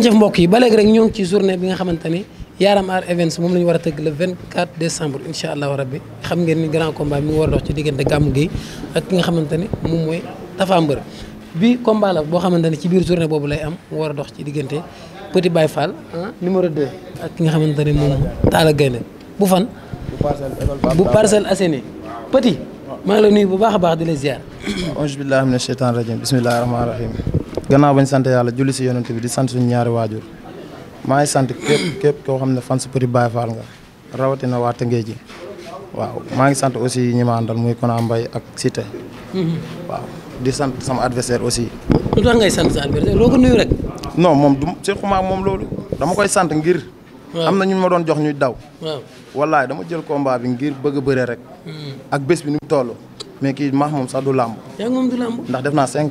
jëf mbokk yi ba léegi rek ñoo ngi ci journée bi nga xamante ni Yaram Art Events moom la ñu war a tëgg le 24 décembre incha allahu rabbi xam ngeen ni grand combat bi mu war a dox ci diggante Gamou Gueye ak ki nga xamante ni moom mooy Tapha bi combat boo xamante ni ci biir journée boobu lay am war a dox ci diggante Petit Baye ah, numéro 2 ak ki nga xamante ni moom Talla Gaynde bu fan bu Parcelles Assainies Petit maa ngi la nuyu bu baax a baax di la ziar. auzu billahi mina sheytaani bismillahi rahmaani rahim gannaaw bañ sant yàlla julli si yonent bi di sant suñu ñaari waajur maa ngi sant képp képp koo xam ne fan su Petit Baye Fall nga rawatina waa Tëngéej ji waaw maa ngi sant aussi ñi ma àndal muy Kona mbay ak site mhm. waaw di sant sama adversaire aussi. lu tax ngay sant sa adversaire loo ko nuyu rek. non moom du sequma ak moom loolu dama koy sant ngir. am na ñu ma doon jox ñuy daw. waaw wallaay dama jël combat bi ngir bëgg a bëre rek. Mhm. ak bés bi ni mu toll. mais kii maax moom sax du naa cinq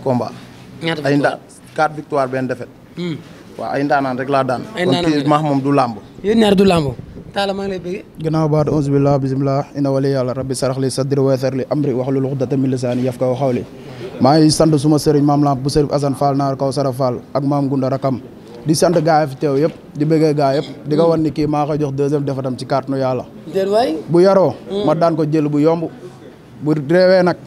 ay nda quatre victoire benn défaite hmm. waaw ay ndaanaan rek laa daan kon kii maax moom du làmb yéen ñaar du làmb taala maa ngi lay bëggee gannaaw baat onze billah bisimilah ina wali yàlla rabbi sarax li sadri weesar li amri waxlul uqdata min lisaani yafqahu qawli maa ngi sant suma sëriñ maam lamp bu sërif Assane Fall naar kaw sara Fall ak maam Gunda rakam di sant gaay fi teew yëpp di bëggee gaay yëpp di ko wan ni kii maa koy jox deuxième defatam ci kàttanu yàlla bu yaroo hmm. ma daan ko jël bu yomb bu réewee nag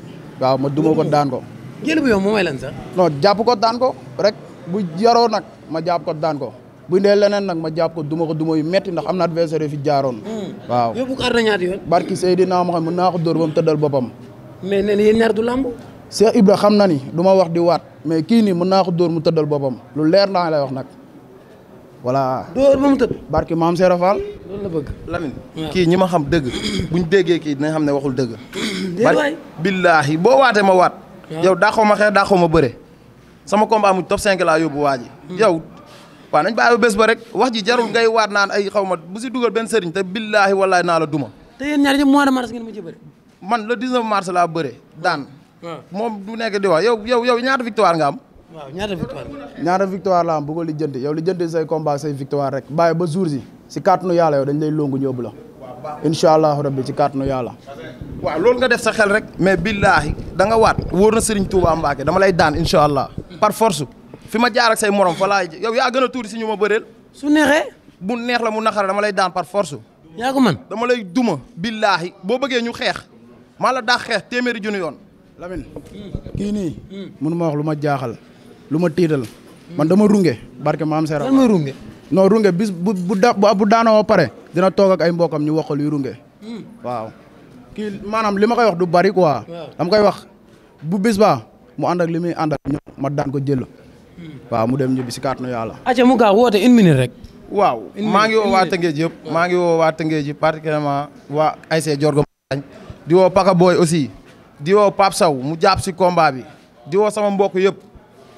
waaw ma duma ko daan ko jël bu lan sax. non jàpp ko daan ko rek bu yaroo nag ma jàpp ko daan ko bu dee leneen nag ma jàpp ko duma ko duma yu metti ndax am na adversaire fi jaaroon. Hmm. waaw yóbbu ko aar na ñaata yoon. barki naa ko door ba mu tëddal boppam. mais nee na yéen ñaar du làmb. Cheikh Ibra xam na ni du ma wax di waat mais kii nii mën naa ko door mu tëddal boppam lu leer naa lay wax nag voilà. dóor ba mu tëdd. barki maam Serap Fall. loolu kii ñi ma xam dëgg buñ déggee kii dinañ xam ne waxul dëgg. déedéet waay billaahi boo waatee ma waat. yow daaxoo ma xeex daaxoo ma bëre sama combat mu top 5 laa yóbbu waa ji hmm. yow waaw nañ bàyyi bés ba rek wax ji jarul ngay waat naan ay xaw ma bu si dugal benn sëriñ te billaahi wallaahi naa la duma te yéen ñaar ñëpp mois de mars ngeen mujj bëre man daan hmm. moom du nekk di wax yow yow yow ñaata victoire nga am waaw ñaata victoire ñaata la am bëgg li jënd yow li jënd say combat say victoire rek bàyyi ba jour si si kàttanu yàlla yow dañ lay longu ñóbbu la incha allahu rabbi ci kàttanu yàlla waaw loolu nga def sa xel rek mais billaahi da nga waat wóor na Serigne Touba Mbacke dama lay daan incha allah par force fi ma jaaral say morom fa yow yaa gën a tuuti si ñu ma bëreel su neexee bu neex la mu naxare dama lay daan par force yaa ko man dama lay duma billaahi boo bëggee ñu xeex maa la daax xeex téeméeri junni yoon Lamine kii nii mënu ma wax lu ma jaaxal lu ma tiital man dama runge barke maam seera dama runge non runge bis bu bu daanoo pare dina toog ak ay mbokam ñu waxal yu runge hmm. waaw kii maanaam li ma koy wax du bari quoi. dama koy wax bu bis ba mu ànd ak li muy ànd ak ma daan ko jël. Hmm. waaw mu dem ñibbi si kàttanu yàlla. acca mu gaaw woote une minute rek. waaw maa ngi woo waa Tëngéej yëpp maa ngi woo waa Tëngéej yëpp particulièrement waa ASC di woo Paka Boy aussi di woo Pape mu jàpp si combat bi di woo sama mbokk yëpp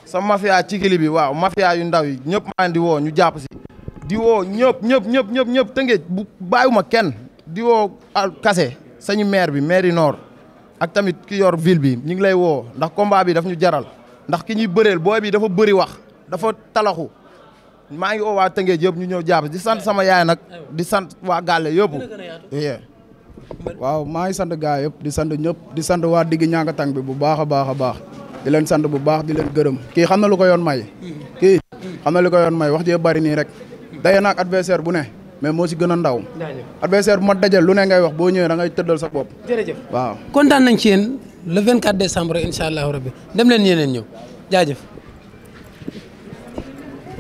sama mafia ci kili bi waaw mafia yu ndaw yi ñëpp maa ngi woo ñu jàpp si di woo ñëpp ñëpp ñëpp ñëpp ñëpp Tëngéej bu bàyyiwuma kenn di woo Kase sañu maire bi maire Nord ak tamit ki yor ville bi ñu ngi lay woo ndax combat bi daf ñu jaral ndax ki ñuy bëreel booy bi dafa bëri wax dafa talaxu maa ngi oo waa Tëngéej yëpp ñu ñëw jàpp di sant sama yaay nag di sant waa Gàlle yëpp. waaw maa ngi sant gaa yëpp di sant ñëpp di sant waa digg ñaaka tàng bi bu baax a baax a baax di leen sant bu baax di leen gërëm kii xam na lu ko yoon may. kii xam na lu ko yoon may wax jee bari nii rek. day naa adversaire bu ne. mais moo si gën a ndaw. adversaire bu ma dajal lu ne ngay wax boo ñëwee da ngay tëddal sa bopp. jërëjëf waaw kontaan nañ ci yéen le 24 décembre incha allahu rabbi dem leen yeneen ñëw jaajëf.